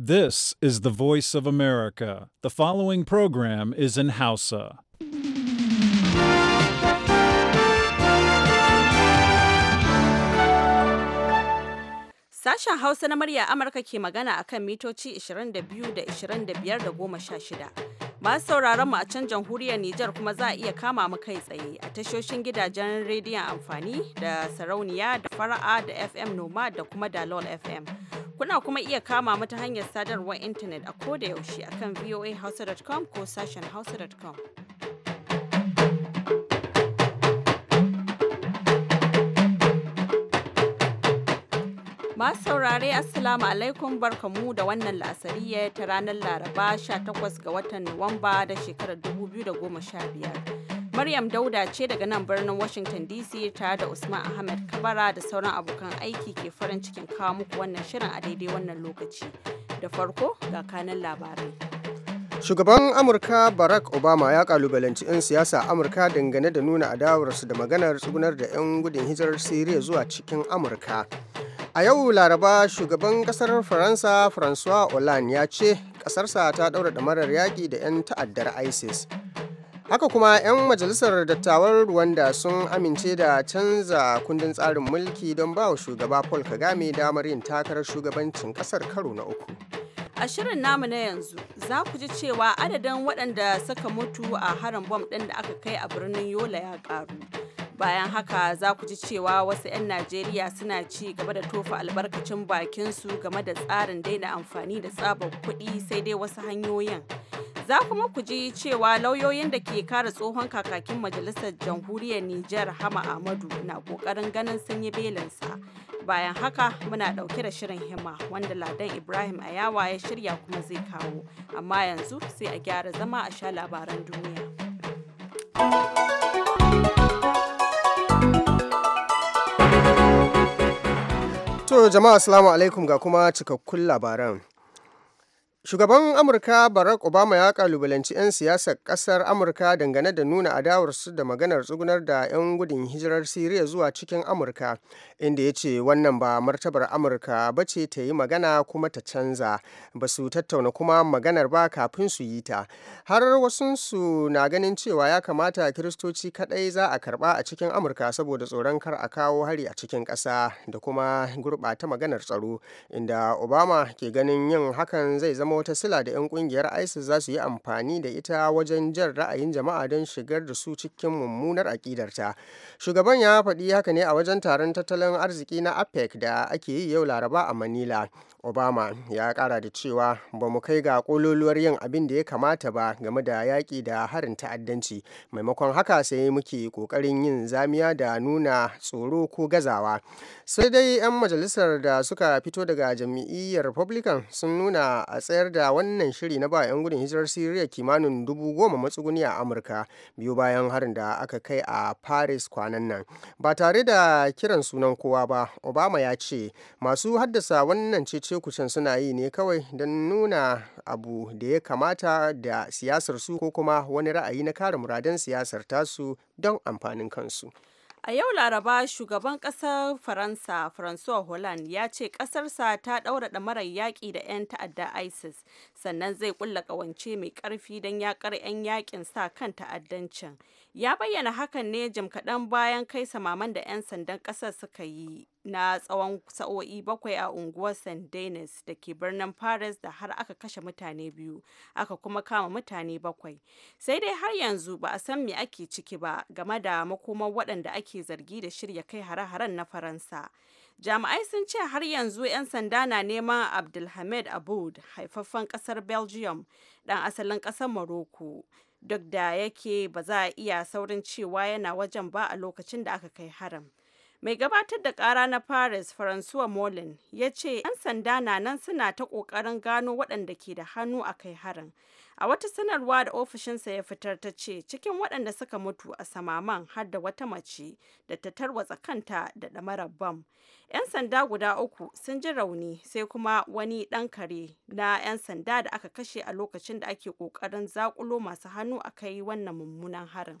This is the voice of America. The following program is in Hausa. Sashen Hausa na murya Amurka ke magana akan mitoci 22 da 25 da 16. Masu sauraron mu a can jamhuriyar Nijar kuma za a iya kama mu kai tsaye a tashoshin gidajen rediyon amfani da sarauniya da fara'a da FM Noma da kuma Dalol FM. Kuna kuma iya kama mu ta hanyar sadarwar intanet a koda yaushe akan voahausa.com ko sashen hausa.com. Masu saurare Assalamu alaikum barkamu da wannan lasariya ta ranar Laraba 18 ga watan Nuwamba da shekarar 2015. Maryam Dauda ce daga nan birnin Washington DC tare da Usman Ahmed Kabara da sauran abokan aiki ke farin cikin kawo muku wannan shirin a daidai wannan lokaci. Da farko ga kanan labarai. Shugaban Amurka Barack Obama ya kalubalanci 'yan siyasa Amurka dangane da nuna adawarsu da maganar tsugunar da 'yan gudun hijirar Siriya zuwa cikin Amurka. A yau Laraba shugaban kasar Faransa François Hollande ya ce kasarsa ta ɗaura marar yaƙi da 'yan ta'addar ISIS. Haka kuma 'yan majalisar dattawan Rwanda sun amince da canza kundin tsarin mulki don ba wa shugaba Paul Kagame damar yin takarar shugabancin kasar karo na uku. A shirin namu na yanzu za ku ji cewa adadin waɗanda suka mutu a harin bom ɗin da aka kai a birnin Yola ya ƙaru. bayan haka za ku ji cewa wasu 'yan najeriya suna ci gaba da tofa albarkacin bakinsu game da tsarin daina amfani da tsabar kuɗi sai dai wasu hanyoyin za kuma ku ji cewa lauyoyin da ke kare tsohon kakakin majalisar jamhuriyar niger hama amadu na kokarin ganin sun yi belinsa bayan haka muna ɗauke da shirin hima wanda ladan ibrahim ayawa ya shirya kuma zai kawo amma yanzu sai a gyara zama a sha labaran duniya To jama'a assalamu alaikum ga kuma cikakkun labaran. Shugaban Amurka Barack Obama ya kalubalanci 'yan siyasar ƙasar Amurka dangane da nuna adawarsu da maganar tsugunar da 'yan gudun hijirar Siriya zuwa cikin Amurka, inda ya ce wannan ba martabar Amurka ba ce ta yi magana kuma ta canza, ba su tattauna kuma maganar ba kafin su yi ta. Har wasunsu na ganin cewa ya kamata Kiristoci kaɗai za a karɓa a cikin Amurka saboda tsoron kar a kawo hari a cikin ƙasa da kuma gurɓata maganar tsaro, inda Obama ke ganin yin hakan zai zama wata sila da 'yan kungiyar isis za su yi amfani da ita wajen jan ra'ayin jama'a don shigar da su cikin mummunar aƙidarta shugaban ya faɗi haka ne a wajen taron tattalin arziki na apec da ake yi yau laraba a manila obama ya kara da cewa ba mu kai ga kololuwar yin abin da ya kamata ba game da yaƙi da harin ta'addanci maimakon haka sai muke ƙoƙarin yin zamiya da nuna tsoro ko gazawa sai dai 'yan majalisar da suka fito daga jam'iyyar republican sun nuna a tsaye ayar da wannan shiri na ba 'yan gudun hijirar siriya kimanin dubu goma matsuguni a amurka biyu bayan harin da aka kai a paris kwanan nan ba tare da kiran sunan kowa ba obama ya ce masu haddasa wannan cece kucin suna yi ne kawai don nuna abu da ya kamata da siyasar su ko kuma wani ra'ayi na kare muradan siyasar tasu don amfanin kansu A yau Laraba shugaban kasar Faransa François Hollande ya ce kasarsa ta ɗaura marar yaƙi da 'yan ta'adda ISIS sannan zai ƙulla kawance mai ƙarfi don yaƙar 'yan yaƙin sa kan ta'addancin. Ya bayyana hakan ne jim kaɗan bayan kai samaman da 'yan sandan kasar suka yi na tsawon sa'o'i bakwai a unguwar St. Denis da ke birnin Paris da har aka kashe mutane biyu, aka kuma kama mutane bakwai. Sai dai har yanzu ba a san me ake ciki ba game da makomar waɗanda ake zargi da shirya kai hare-haren na Faransa. Jami'ai sun ce har yanzu 'yan sanda na neman Abdulhamed abud haifaffen kasar Belgium, dan asalin kasar Morocco. Duk da yake ba za a iya saurin cewa yana wajen ba a lokacin da aka kai haram. mai gabatar da kara na paris francois molin ya ce 'yan sanda na nan suna ta ƙoƙarin gano waɗanda ke da hannu a kai harin a wata sanarwa da ofishinsa ya fitar ta ce cikin waɗanda suka mutu a samaman har da wata mace da ta tarwatsa kanta da ɗamarar bam 'yan sanda guda uku sun ji rauni sai kuma wani ɗan kare na 'yan sanda da aka kashe a lokacin da ake ƙoƙarin zakulo masu hannu a kai wannan mummunan harin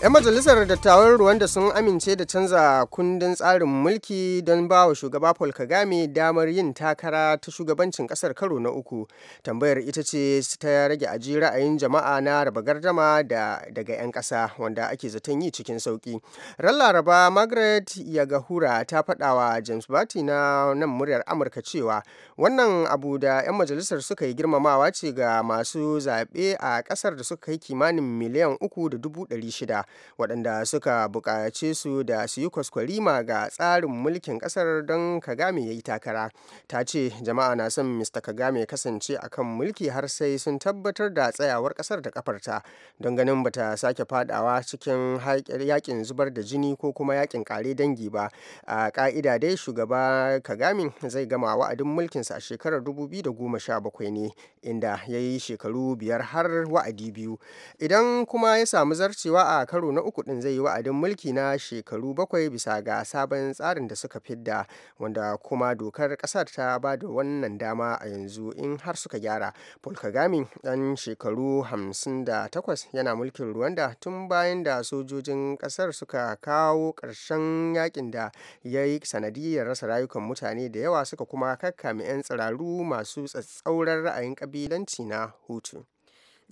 'Yan majalisar dattawan da sun amince da canza kundin tsarin mulki don ba wa shugaba Paul Kagame damar yin takara ta shugabancin kasar karo na uku. Tambayar ita ce ta rage aji ra'ayin jama'a na raba gardama da daga 'yan ƙasa wanda ake zaton yi cikin sauki Ran Laraba Margaret Yagahura ta faɗa wa James Bati na nan muryar Amurka cewa wannan abu da 'yan majalisar suka yi girmamawa ce ga masu zaɓe a ƙasar da suka kai kimanin miliyan uku da dubu ɗari shida. waɗanda suka buƙaci su da su yi kwaskwarima ga tsarin mulkin ƙasar don kagame ya yi takara ta ce jama'a na son mr kagame kasance a kan mulki har sai sun tabbatar da tsayawar ƙasar da kafarta don ganin ba ta sake fadawa cikin yakin zubar da jini ko kuma yakin kare dangi ba a ka'ida dai shugaba kagame zai gama wa'adin mulkinsa a shekarar bakwai ne inda ya yi shekaru biyar har wa'adi biyu idan kuma ya samu zarcewa a karo karo na uku din zai yi wa'adin mulki na shekaru bakwai bisa ga sabon tsarin da suka fidda wanda kuma dokar kasar ta ba da wannan dama a yanzu in har suka gyara paul kagame dan shekaru 58 yana mulkin rwanda tun bayan da sojojin kasar suka kawo ƙarshen yakin da ya yi sanadiyar rasa rayukan mutane da yawa suka kuma kakkame 'yan tsiraru masu tsatsauran ra'ayin kabilanci na hutu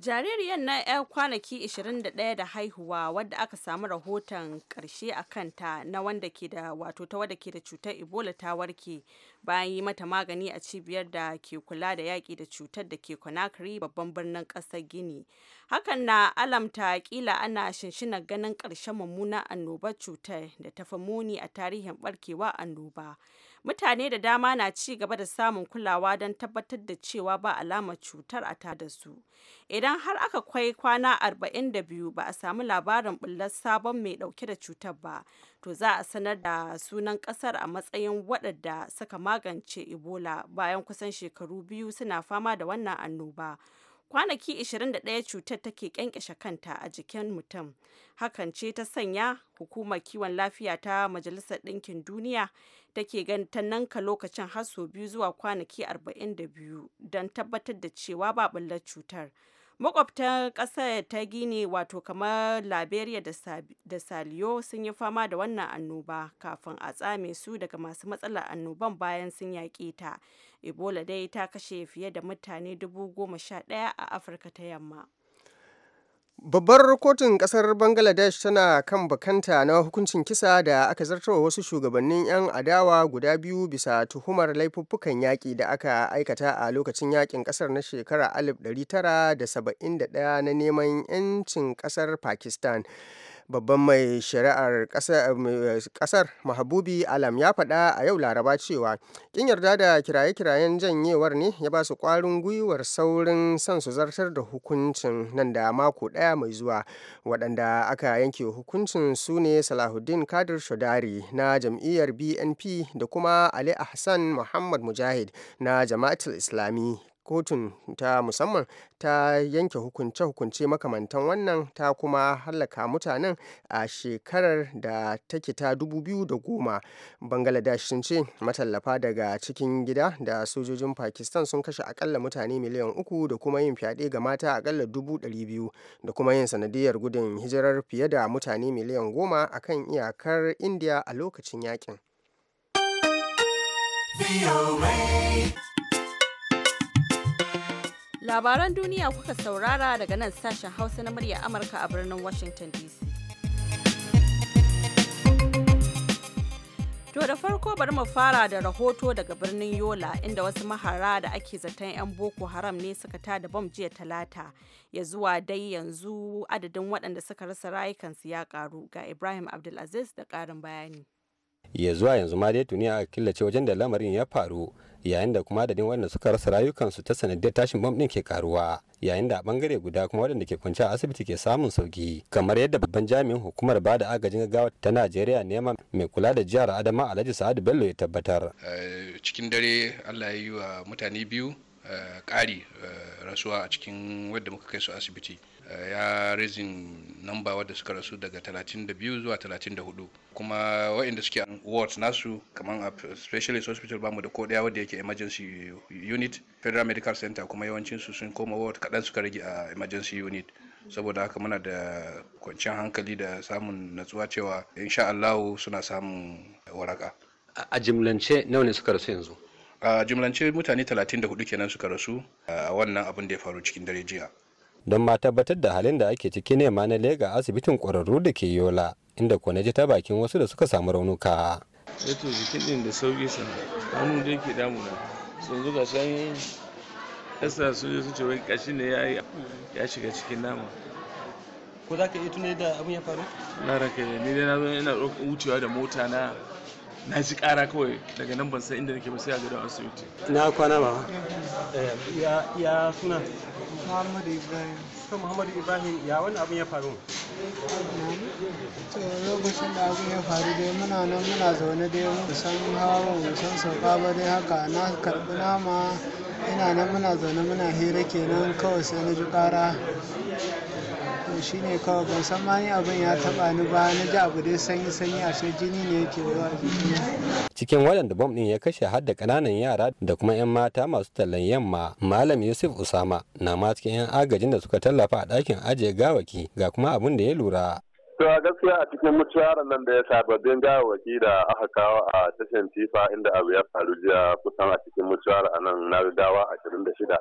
jaririyar na 'yar kwanaki 21 da haihuwa wadda aka samu rahoton karshe a kanta na wanda ke da wato ta wadda ke da cutar ebola ta warke bayan yi mata magani a cibiyar da ke kula da yaƙi da cutar da ke conakry babban birnin ƙasar gini hakan na alamta kila ana shinshinar ganin ƙarshen mummunan annobar cutar da ta fi muni a tarihin barkewa annoba mutane da dama na ci gaba da samun kulawa don tabbatar da cewa ba alamar cutar a ta da su idan har aka kwai kwana 42 ba a samu labarin bullar sabon mai dauke da cutar ba to za a sanar da sunan kasar a matsayin waɗanda suka magance ebola bayan kusan shekaru biyu suna fama da wannan annoba kwanaki 21 cutar take kyankyashe kanta a jikin mutum hakan ce ta sanya hukumar kiwon lafiya ta majalisar ɗinkin duniya take gan ta nanka lokacin har sau biyu zuwa kwanaki arba'in da biyu don tabbatar da cewa ba bullar cutar. makwabtan ƙasar ta gini wato kamar liberia da saliyo sun yi fama da wannan annoba kafin a tsame su daga masu matsalar annoban bayan sun yaƙe ta ebola dai ta kashe fiye da mutane dubu goma sha ɗaya a afirka ta yamma Babbar kotun kasar Bangladesh tana kan bakanta na hukuncin kisa da aka zartawa wasu shugabannin 'yan adawa guda biyu bisa tuhumar laifuffukan yaƙi da aka aikata a lokacin yaƙin ƙasar na shekara 1971 na neman 'yancin ƙasar Pakistan. babban mai shari'ar kasar mahabubi alam ya faɗa a yau laraba cewa kin yarda da kiraye-kirayen janyewar ne ya ba su kwarin gwiwar saurin son su zartar da hukuncin nan da mako ɗaya mai zuwa waɗanda aka yanke hukuncin su ne salahuddin kadir shodari na jam'iyyar bnp da kuma ali ahsan muhammad mujahid na jama'atul islami kotun ta musamman ta yanke hukunce-hukunce makamantan wannan ta kuma hallaka mutanen a shekarar da take ta goma bangladesh sun ce matallafa daga cikin gida da sojojin pakistan sun kashe akalla mutane miliyan uku da kuma yin fyaɗe ga mata akalla biyu da kuma yin sanadiyar gudun hijirar fiye da mutane miliyan goma a kan iyakar indiya a lokacin yakin. Labaran duniya kuka saurara daga nan sashen Hausa na murya Amurka a birnin Washington DC. To da farko bari mu fara da rahoto daga birnin Yola inda wasu mahara da ake zaton 'yan Boko Haram ne suka tada bom jiya talata ya zuwa dai yanzu adadin waɗanda suka rasa rayukansu ya karu ga Ibrahim Abdulaziz da ƙarin bayani. Ya zuwa yanzu ma dai tuni a killace wajen da lamarin ya faru yayin da kuma adadin wadanda suka rasa rayukansu ta sanadiyar tashin bom ɗin ke karuwa yayin da a bangare guda kuma wadanda ke kwance a asibiti ke samun sauki kamar yadda babban jami'in hukumar bada agajin gaggawa ta najeriya neman mai kula da jihar adama alhaji sa'adu bello ya tabbatar eh, cikin dare allah ya yi wa mutane biyu eh, ƙari eh, rasuwa a cikin wadda muka kai su asibiti ya rezin namba wadda suka rasu daga 32 zuwa 34 kuma waɗanda suke wards nasu kamar a specialist hospital bamu da ko daya wadda yake emergency unit federal medical center kuma yawancinsu sun koma ward kaɗan suka rage a emergency unit saboda haka muna da kwanciyar hankali da samun natsuwa cewa insha Allah suna samun waraka a jimlance nawa ne suka rasu yanzu a jimlance mutane 34 kenan suka rasu a wannan abin da ya faru cikin dare jiya don ma tabbatar da halin da ake ciki ne ma na lega asibitin kwararru da ke yola inda ko na ji ta bakin wasu da suka samu raunuka. Eto eh jikin din da sauki sa hannu da yake damuna sun zuga shan yasa yi ce wani kashi ne ya shiga cikin nama. Ko za ka iya tunai da abin ya faru? Na ranka ne, ni dai na zo ina wucewa da mota na na ji kara kawai daga nan ban san inda nake ba sai a gidan asibiti na kwana ba eh, ya ya suna Muhammadu Ibrahim ko Muhammadu Ibrahim ya wani abin ya faru to lokacin da abin ya faru dai muna nan muna zaune dai mun san hawa mu san sauka ba dai haka na karbi nama ina nan muna zaune muna hira kenan kawai sai na ji kara shi ne kawai ban san ma ni abin ya taba ni ba na ji abu dai sanyi sanyi a sai jini ne yake zuwa jikina cikin waɗanda bom ɗin ya kashe har da ƙananan yara da kuma 'yan mata masu tallan yamma malam yusuf usama na ma cikin 'yan agajin da suka tallafa a ɗakin ajiye gawaki ga kuma abin da ya lura To a gaskiya a cikin mutuwar nan da ya sababbin gawaki da aka kawo a tashin tifa inda abu ya faru jiya kusan a cikin mutuwar a nan na dawa ashirin da shida.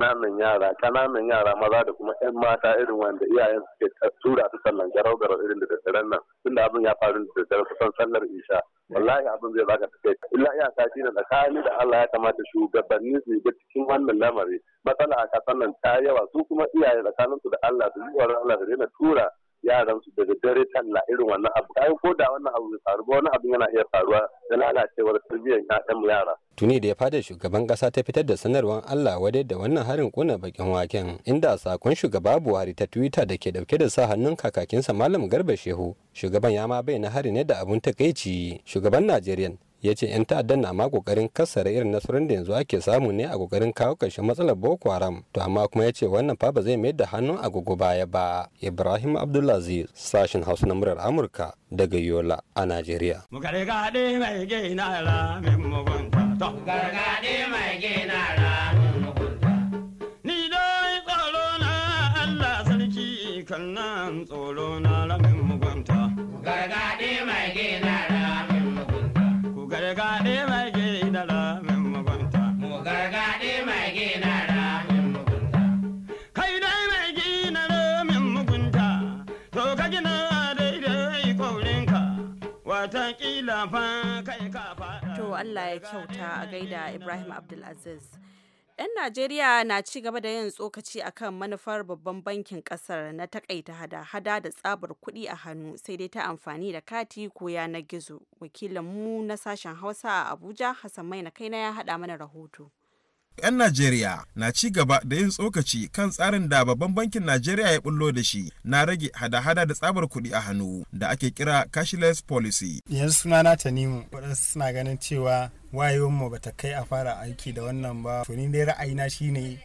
ƙananan yara ƙananan yara maza da kuma 'yan mata irin wanda iyayen suke tura su sannan garau garau irin da daddaren nan tunda abin ya faru da daddare san sallar isha wallahi abin zai baka take illa iya kashi na tsakani da Allah ya kamata shugabanni su yi cikin wannan lamari matsala a kasan nan ta yawa su kuma iyaye tsakaninsu da Allah su yi Allah su daina tura yaran su daga dare talla irin wannan abu kai ko da wannan abu ya faru ba wani abu yana iya faruwa da lalacewar tarbiyyar ƴaƴan yara tuni da ya fada shugaban kasa ta fitar da sanarwar Allah wadai da wannan harin kuna bakin waken inda sakon shugaba Buhari ta Twitter da ke dauke da sa hannun kakakinsa Malam Garba Shehu shugaban ya ma bayyana hari ne da abun takeici shugaban Najeriya ya ce 'yan ta'addan na ma kokarin kassara irin nasarar da yanzu ake samu ne a kokarin kawo karshen matsalar boko haram to amma kuma ya ce wannan fa ba zai mayar da a gugu baya ba ibrahim abdulaziz sashen hausa na murar amurka daga yola a najeriya Allah ya kyauta a gaida Ibrahim Abdulaziz. 'Yan Najeriya na ci gaba da yin tsokaci akan manufar babban bankin kasar na takaita hada-hada da tsabar kuɗi a hannu sai dai ta amfani da kati ko yanar gizo. Wakilinmu na sashen Hausa a Abuja, Hassan Maina kaina ya haɗa mana rahoto. 'yan Najeriya na ci gaba da yin tsokaci kan tsarin da babban bankin Najeriya ya bullo da shi na rage hada-hada da tsabar kuɗi a hannu da ake kira cashless policy. Yanzu suna sunana Tanimu, waɗansu suna ganin cewa wayewar ba ta kai a fara aiki da wannan ba to ni dai ra'ayina shine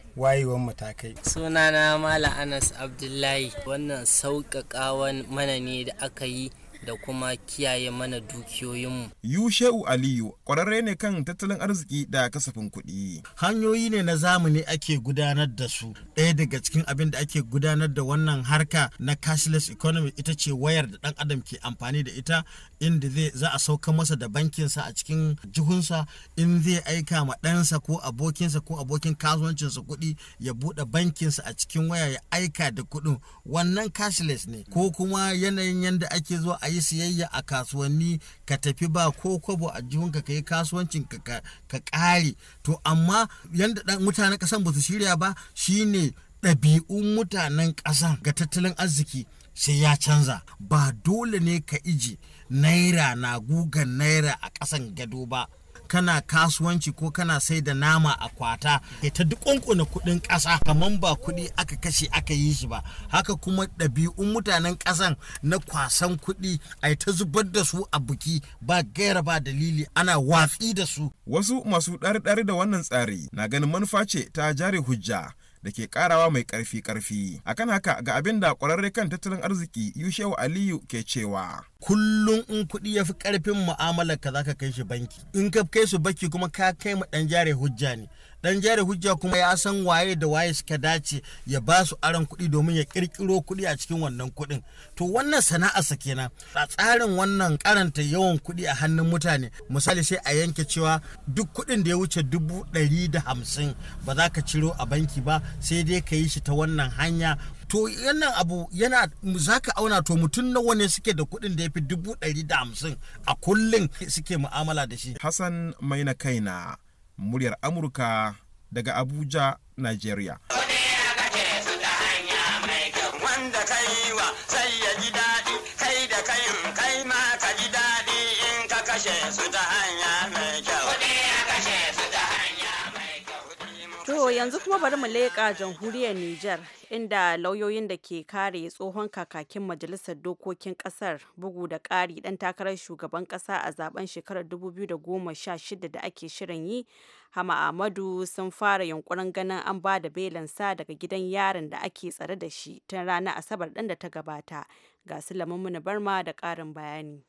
ta kai. sunana malam anas abdullahi wannan sauƙaƙawan mana ne da aka yi da kuma kiyaye mana dukiyoyinmu. Yusheu Aliyu ƙwararre ne kan tattalin arziki da kasafin kuɗi. Hanyoyi ne na zamani ake gudanar da su. Ɗaya daga cikin abin da ake gudanar da wannan harka na cashless economy ita ce wayar da ɗan adam ke amfani da ita inda zai za a sauka masa da bankinsa a cikin jihunsa in zai aika ma ɗansa ko abokinsa ko abokin kasuwancinsa kuɗi ya buɗe bankinsa a cikin waya ya aika da kuɗin wannan cashless ne ko kuma yanayin yadda ake zuwa a yi siyayya a kasuwanni ka tafi ba ko kwabo a jihunka ka yi kasuwancin ka kare to amma yadda mutanen ƙasan ba su shirya ba shine ɗabi'un mutanen ƙasa ga tattalin arziki sai ya canza ba dole ne ka iji naira na gugan naira a ƙasan gado ba kana kasuwanci ko kana sai da nama a kwata ya ta kunkuna kuɗin ƙasa kamar ba kuɗi aka kashe aka yi shi ba haka kuma ɗabi'un mutanen kasan na kwasan kuɗi a ta zubar da su a buki ba gaira ba dalili ana watsi da su wasu masu ɗari-ɗari da wannan tsari na ganin manufa ce ta jari hujja da ke karawa mai karfi karfi akan haka ga abin da kwararre kan tattalin arziki yushewu aliyu ke cewa kullum in kuɗi ya fi ƙarfin mu'amalar ka zaka kai shi banki in ka kai su banki kuma ka kai mu ɗan jari hujja ne dan jari hujja kuma ya san waye da waye suka dace ya ba su aron kuɗi domin ya kirkiro kuɗi a cikin wannan kuɗin to wannan sana'a sa kenan a tsarin wannan karanta yawan kuɗi a hannun mutane misali sai a yanke cewa duk kuɗin da ya wuce dubu ɗari da hamsin ba za ka ciro a banki ba sai dai ka yi shi ta wannan hanya to yannan abu yana za ka auna to mutum nawa ne suke da kuɗin da ya fi dubu ɗari da hamsin a kullum suke mu'amala da shi hassan mai na kaina muryar amurka daga abuja najeriya. su nigeria wanda ka wa sai ya ji daɗi kai da kayin kai ma ka ji daɗi in ka kashe su ta hanya yanzu kuma bari mu leƙa jamhuriyar Nijar inda lauyoyin da ke kare tsohon kakakin majalisar dokokin kasar bugu da ƙari ɗan takarar shugaban ƙasa a zaben shekarar 2016 da ake shirin yi hama Ahmadu sun fara yunkurin ganin an ba da belansa daga gidan yarin da ake tsare da shi tun ranar asabar ɗin da ta gabata ga su barma da ƙarin bayani.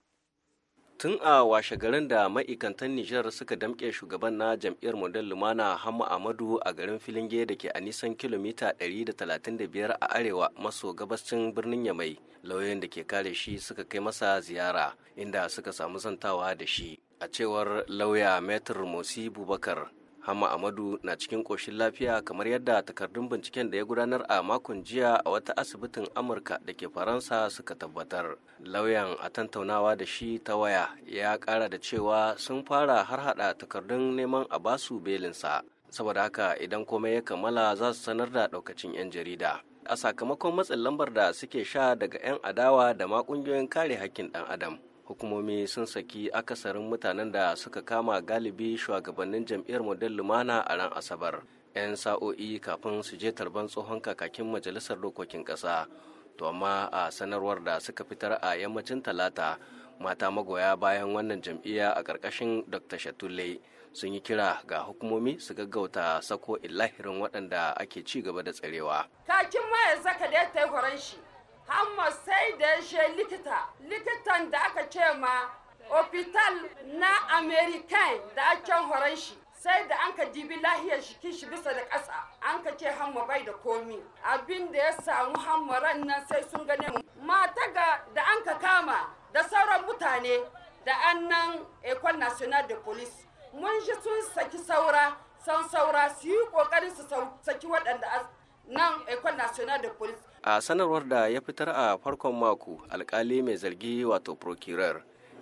tun a washe garin da ma'aikantan nijar suka damƙe shugaban na jam'iyyar model lumana hamma amadu a garin filinge da ke a nisan kilomita 135 a arewa maso gabascin birnin yamai lauyoyin da ke kare shi suka kai masa ziyara inda suka samu zantawa da shi a cewar lauya metr musi bubakar Hama Amadu na cikin ƙoshin lafiya kamar yadda takardun binciken da ya gudanar a makon jiya a wata asibitin Amurka da ke Faransa suka tabbatar. Lauyan a tantaunawa da shi ta waya ya ƙara da cewa sun fara har hada takardun neman a basu belinsa. Saboda haka idan komai ya kammala za su sanar da ɗaukacin 'yan jarida. A sakamakon matsin lambar da suke sha daga 'yan adawa da ma ƙungiyoyin kare hakkin ɗan adam. hukumomi sun saki akasarin mutanen da suka kama galibi shugabannin jam'iyyar model lumana a ran asabar 'yan sa'o'i kafin su je tarban tsohon kakakin majalisar dokokin ƙasa to amma a sanarwar da suka fitar a yammacin talata mata magoya bayan wannan jam'iyya a ƙarƙashin dr shatulle sun yi kira ga hukumomi su gaggauta sako illahirin waɗanda ake ci gaba da tsarewa kakin yanzu ka dai ta yi shi hamma sai da ya she likita likitan da aka ce ma opital na american da a can horon shi sai da an ka dibi lahiyar shi shi bisa da ƙasa an ka ce hamma bai da komi abin da ya samu hamma ran nan sai sun gane mata ga da an ka kama da sauran mutane da an nan ecole national de police mun shi sun saki saura san saura su yi ƙoƙarin su saki waɗanda nan ecole national de police a sanarwar da ya fitar a farkon mako alkali mai zargi wato procurer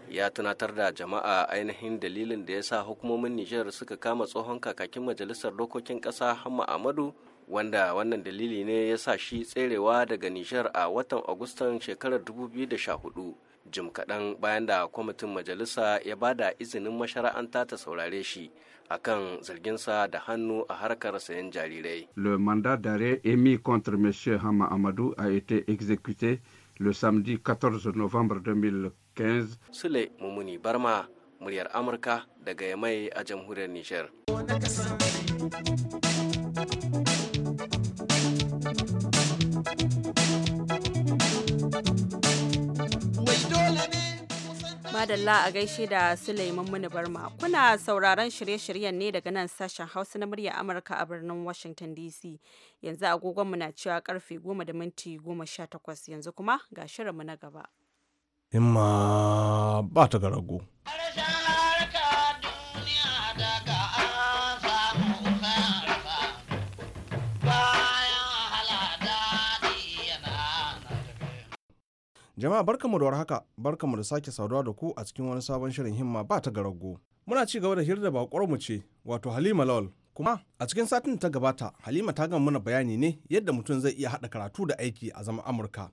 ya tunatar da jama'a ainihin dalilin da ya sa hukumomin nijar suka kama tsohon kakakin majalisar dokokin ƙasa hamma amadu wanda wannan dalili ne ya sa shi tserewa daga nijar a watan agustan shekarar 2014 jim kaɗan bayan da kwamitin majalisa ya ba da izinin mashara'anta ta saurare shi a akan zarginsa da hannu a harkar sayan jarirai. Le mandat d'arrêt émis contre M. Hama Amadou a été exécuté le samedi 14 novembre 2015. Sule Mumuni Barma, muryar Amurka daga Yamai a jamhuriyar Nijar. Madalla a gaishe da Suleiman Muni Barma. Kuna sauraron shirye-shiryen ne daga nan sashen Hausa na murya Amurka a birnin Washington DC. Yanzu agogonmu na cewa karfe 10 da minti 18 yanzu kuma ga shirinmu na gaba. Imma ba ta garago. Jama'a barka mu da barka mu da sake saduwa da ku a cikin wani sabon shirin himma ba ta garago. Muna ci gaba da hirda bakwar mu ce, wato Halima Lawal. Kuma a cikin satin ta gabata, Halima ta gama mana bayani ne yadda mutum zai iya haɗa karatu da aiki a zaman Amurka.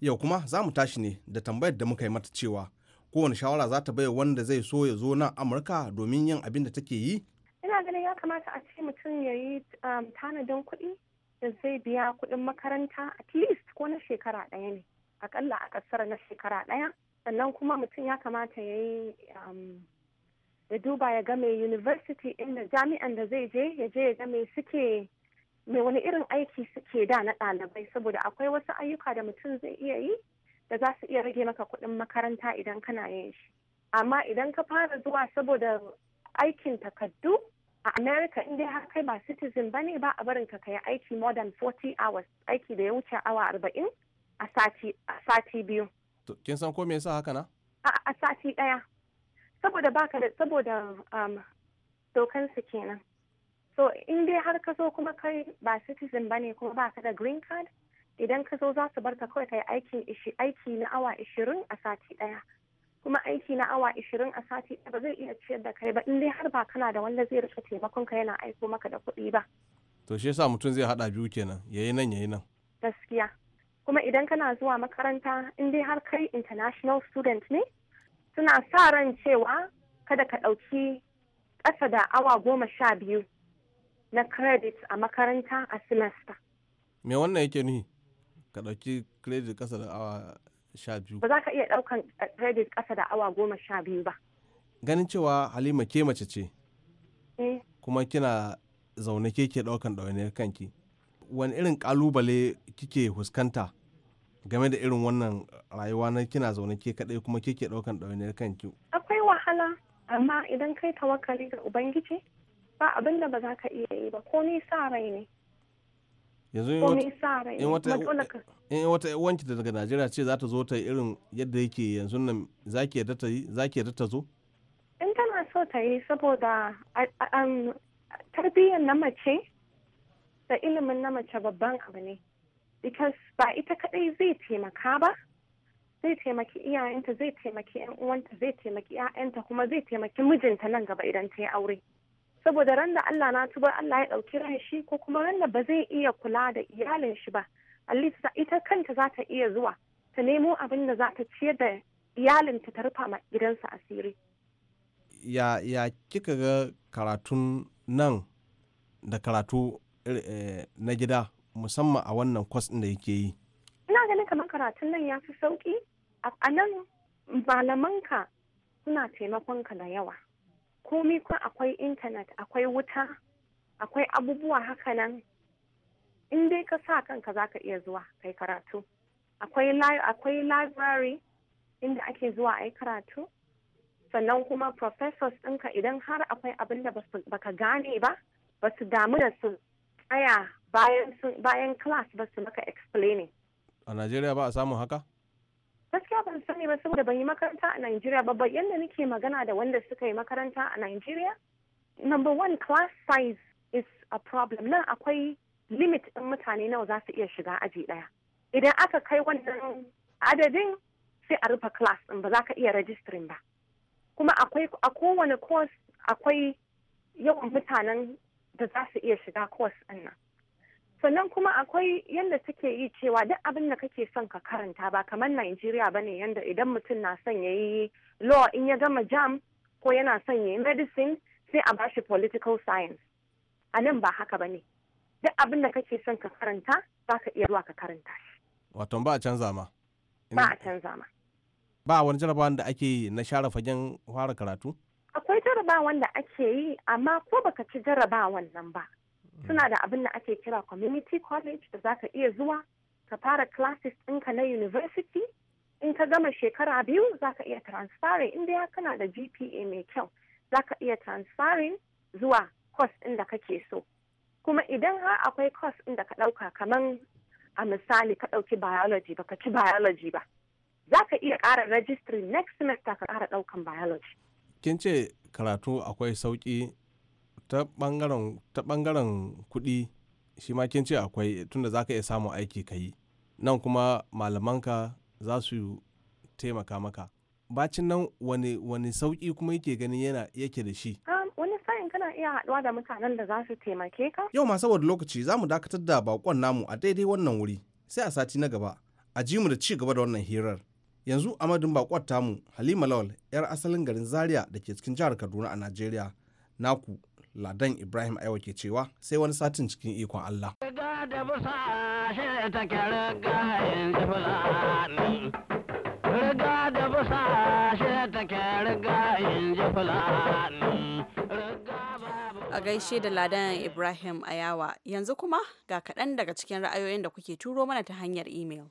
Yau kuma za mu tashi ne da tambayar da muka yi mata cewa kowane shawara za ta bai wanda zai so ya zo na Amurka domin yin abin da take yi? Ina ganin ya kamata a ce mutum ya yi um, tanadin kuɗi da zai biya kuɗin makaranta at least ko na shekara ɗaya ne. akalla a kasar na shekara ɗaya sannan kuma mutum ya kamata ya yi um, ya duba ya game university inda jami'an da zai je ya je ya game suke mai wani irin aiki suke da na ɗalibai saboda akwai wasu ayyuka da mutum zai iya yi da za su iya rage maka kuɗin makaranta idan kana yin shi amma idan ka fara zuwa saboda aikin takaddu a america in dai har kai ba citizen bane ba a barin ka yi aiki more than 40 hours aiki da ya wuce awa arba'in a sati biyu kin san ko me yasa haka na a sati daya. saboda baka da saboda um, dokansu kenan so in dai har ka zo kuma kai ba citizen ba ne kuma baka da green card idan ka zo za su bar ka kawai kai aiki aiki na awa ashirin a sati daya kuma aiki na awa ishirin a sati daya ba zai iya ciyar da kai ba in dai har ba kana da wanda zai rika taimakon ka yana aiko maka da kuɗi ba to shi yasa mutum zai haɗa biyu kenan yayi nan yayi nan gaskiya kuma idan kana zuwa makaranta in dai har kai international student ne suna sa ran cewa kada ka ɗauki ƙasa da awa goma sha biyu na credit a makaranta a semester. me wannan yake ni ka ɗauki credit ƙasa da awa sha biyu ba za ka iya ɗaukan eh, credit ƙasa da awa goma sha biyu ba ganin cewa halima ke mace ce eh. kuma kina zaune ke ke ɗaukan ɗawainiyar kanki wani irin kalubale kike fuskanta game da irin wannan rayuwa na kina zaune ke kadai kuma kike daukan ɗawainiyar kanki akwai wahala amma idan kai tawakkali ga ubangiji ba abin da ba za ka iya yi ba ni sa rai ne yanzu in wata in wata wanki daga Najeriya ce za ta zo ta irin yadda yake yanzu nan zaki ki ta yi yadda ta zo in tana so ta yi saboda um, tarbiyyar na mace da ilimin na mace babban abu ne because ba ita kadai zai taimaka ba zai taimaki iyayenta zai taimaki yan uwanta zai taimaki ƴaƴanta kuma zai taimaki mijinta nan gaba idan ta yi aure saboda ran da Allah na tuba Allah ya ɗauki ran shi ko kuma ran da ba zai iya kula da iyalin shi ba Alisa ita kanta za ta iya zuwa ta nemo abin da za ta ciyar da iyalinta ta rufa ma gidansa asiri ya ya kika ga karatun nan da karatu Eh, na gida musamman a wannan kwas ɗin da yake yi ina ganin kamar karatun nan ya fi sauƙi a nan malamanka suna taimakonka da yawa komi ko akwai intanet akwai wuta akwai abubuwa haka nan in dai ka sa kanka za ka iya zuwa kai karatu akwai library inda ake zuwa a yi karatu sannan kuma professors ɗinka idan har akwai abin da baka gane ba ba su damu da su Ah, Aya bayan class ba su maka explaining a najeriya ba a samun haka gaskiya ban sani ba saboda ban yi makaranta a najeriya ba ba yadda nake magana da wanda suka yi makaranta a najeriya number one class size is a problem nan akwai limit ɗin mutane nawa za su iya shiga aji ɗaya idan aka kai wannan adadin sai a rufe class ɗin ba za ka iya registering ba kuma akwai a kowane course akwai yawan mutanen da za su iya shiga kwas ɗin nan sannan kuma akwai yadda suke yi cewa duk abin da kake son ka karanta ba kamar Najeriya ba ne yadda idan mutum na son ya yi law in ya gama jam ko yana son ya yi medicine sai a bashi political science a nan ba haka ba ne duk abin da kake son ka karanta za ka iya zuwa ka karanta shi wato ba a canza ma ba a canza ma ba wani jarabawan da ake na share fagen fara karatu akwai jarabawan da ake yi amma ko baka ci jarabawan nan ba suna da abin da ake kira community college da zaka iya zuwa ka fara classes ɗinka na university in ka gama shekara biyu zaka iya transferring in dai kana da GPA mai kyau zaka iya transferring zuwa course ɗin da kake so kuma idan har akwai course ɗin da ka ɗauka kaman a misali ka ɗauki biology baka ci biology ba zaka iya ƙara registry next semester ka ƙara ɗaukan biology kin ce karatu akwai sauƙi ta ɓangaren kuɗi shi ma ce akwai tunda za ka iya samun aiki ka yi nan kuma malamanka za su taimaka maka bacin nan wani, wani sauƙi kuma yake ganin yana yake da shi ah, wani kana iya haɗuwa da mutanen da za su taimake ka yau ma saboda lokaci za mu dakatar da baƙon namu a daidai wannan wuri sai a sati na gaba a ji mu da ci gaba da wannan hirar yanzu amadin bakwar tamu halima lawal yar asalin garin zaria da ke cikin jihar kaduna a najeriya naku ladan ibrahim aiwa ke cewa sai wani satin cikin ikon allah a gaishe da ladan ibrahim ayawa yanzu kuma ga kaɗan daga cikin ra'ayoyin da kuke turo mana ta hanyar imel.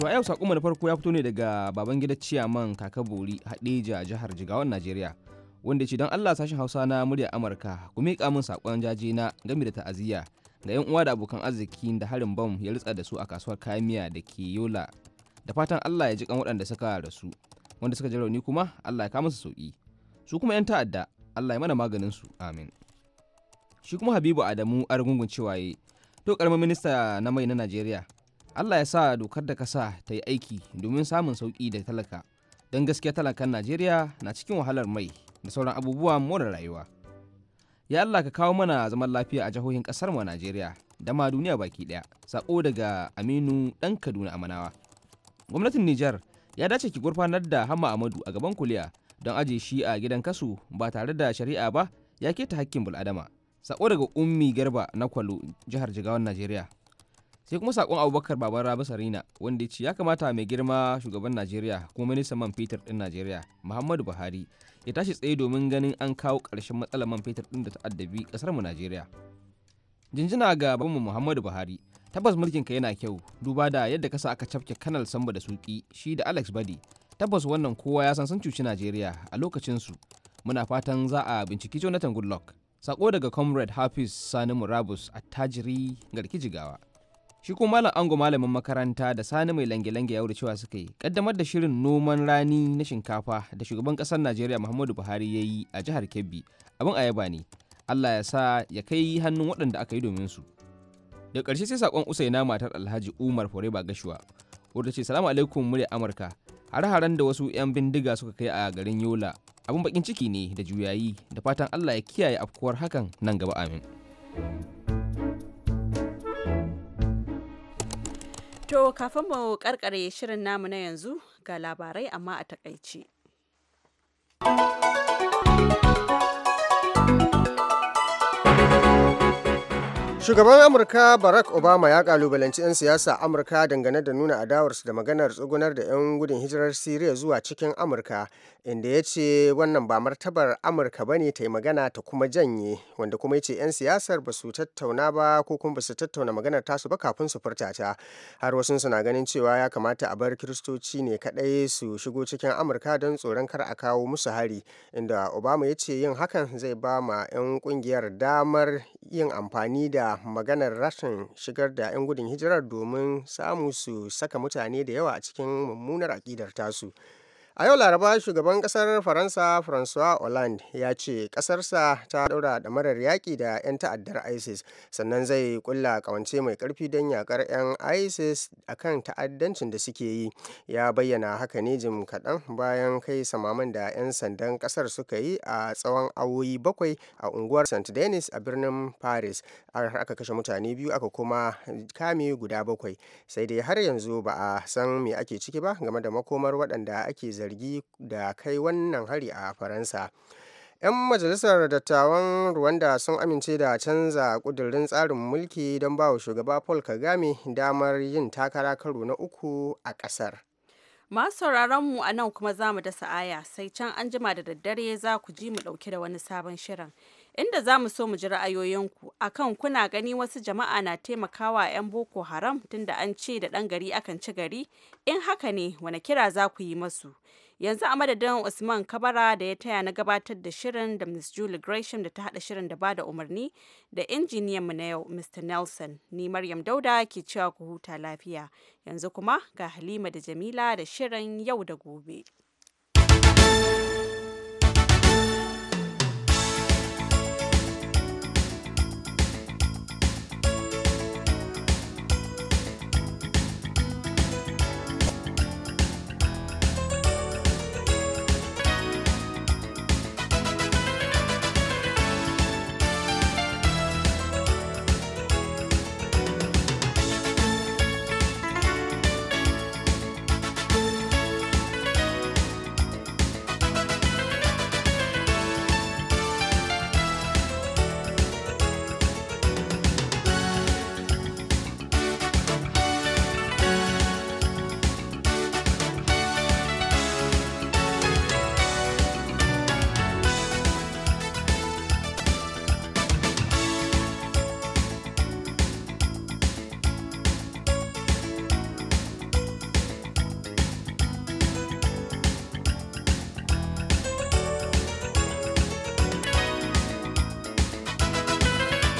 To a yau sakonmu na farko ya fito ne daga baban gida ciyaman kaka bori Hadeja jihar Jigawan Najeriya. Wanda ce don Allah sashen Hausa na murya Amurka ku miƙa min sakon jaje na game da ta'aziyya ga yan uwa da abokan arziki da harin bam ya ritsa da su a kasuwar kayan miya da ke Yola. Da fatan Allah ya ji kan waɗanda suka rasu. Wanda suka ji rauni kuma Allah ya kama su sauki. Su kuma 'yan ta'adda Allah ya mana maganin su. Amin. Shi kuma Habibu Adamu argungun cewa to karamin minista na mai na Najeriya Allah ya sa dokar da kasa ta yi aiki domin samun sauki da talaka don gaskiya talakan Najeriya na cikin wahalar mai da sauran abubuwan more rayuwa. Ya Allah ka kawo mana zaman lafiya a jihohin ƙasar mu Najeriya da ma duniya baki ɗaya. Sako daga Aminu ɗan Kaduna Amanawa. Gwamnatin Nijar ya dace ki gurfanar da Hamma Amadu a gaban kuliya don aje shi a gidan kasu ba tare da shari'a ba ya keta hakkin bul'adama. Sako daga Ummi Garba na Kwalo jihar Jigawan Najeriya. sai kuma sakon abubakar baban rabi sarina wanda ya ce ya kamata mai girma shugaban najeriya kuma ministan man fetur din najeriya muhammadu buhari ya tashi tsaye domin ganin an kawo karshen matsalar man fetur din da ta'addabi kasar mu najeriya jinjina ga mu muhammadu buhari tabbas mulkin ka yana kyau duba da yadda kasa aka cafke kanal samba da suki shi da alex badi tabbas wannan kowa ya san sun cuci najeriya a lokacin su muna fatan za a binciki jonathan goodluck sako daga comrade hafiz sani murabus attajiri garki jigawa shi kuma malam ango malamin makaranta da sani mai lange-lange ya cewa suka yi kaddamar da shirin noman rani na shinkafa da shugaban kasar najeriya muhammadu buhari ya yi a jihar kebbi abin ayaba ne allah ya sa ya kai hannun waɗanda aka yi domin su da ƙarshe sai saƙon usaina matar alhaji umar foreba gashuwa wadda ce salamu alaikum murya amurka har haren da wasu 'yan bindiga suka kai a garin yola abin bakin ciki ne da juyayi da fatan allah ya kiyaye afkuwar hakan nan gaba amin. thank you To kafin mu karkare shirin namu na yanzu ga labarai amma a takaici. Shugaban Amurka Barack Obama ya kalubalanci 'yan siyasa Amurka dangane da nuna adawarsu da maganar tsugunar da 'yan gudun hijirar Siriya zuwa cikin Amurka inda ya ce wannan ba martabar amurka ba ne ta yi magana ta kuma janye wanda kuma ya ce 'yan siyasar ba su tattauna ba ko kuma ba su tattauna maganar tasu ba kafin su furta ta har wasu suna ganin cewa ya kamata a bar kiristoci ne kadai su shigo cikin amurka don tsoron kar a kawo musu hari inda obama ya ce yin hakan zai ba ma 'yan kungiyar damar yin amfani da maganar rashin shigar da 'yan gudun hijirar domin samu su saka mutane da yawa a cikin mummunar aƙidar tasu. a yau laraba shugaban kasar faransa francois hollande ya ce kasarsa ta daura damarar yaƙi da 'yan ta'addar isis sannan zai kulla kawance mai karfi don yakar 'yan isis akan ta'addancin da suke yi ya bayyana haka ne jim kaɗan bayan kai samaman da 'yan sandan kasar suka yi a tsawon awoyi bakwai a unguwar st denis a birnin paris aka kashe mutane biyu aka kuma kame guda bakwai sai dai har yanzu ba a san me ake ciki ba game da makomar waɗanda ake zargi da kai wannan hari a faransa 'yan majalisar dattawan rwanda sun amince da canza kudirin tsarin mulki don bawa shugaba paul kagame damar yin takara karo na uku a kasar masu sauraron mu a nan kuma za mu dasa aya sai can an jima da daddare za ku ji mu dauke da wani sabon shirin inda za mu so mu ji ra'ayoyinku akan kuna gani wasu jama'a na taimakawa 'yan boko haram tunda an ce da ɗan gari akan ci gari in haka ne wani kira za ku yi masu yanzu a madadin usman kabara da ya taya na gabatar da shirin da miss julie gresham da ta haɗa shirin da ba da umarni da injiniyan mu na yau mr nelson ni maryam dauda ke cewa ku huta lafiya yanzu kuma ga halima da jamila da shirin yau da gobe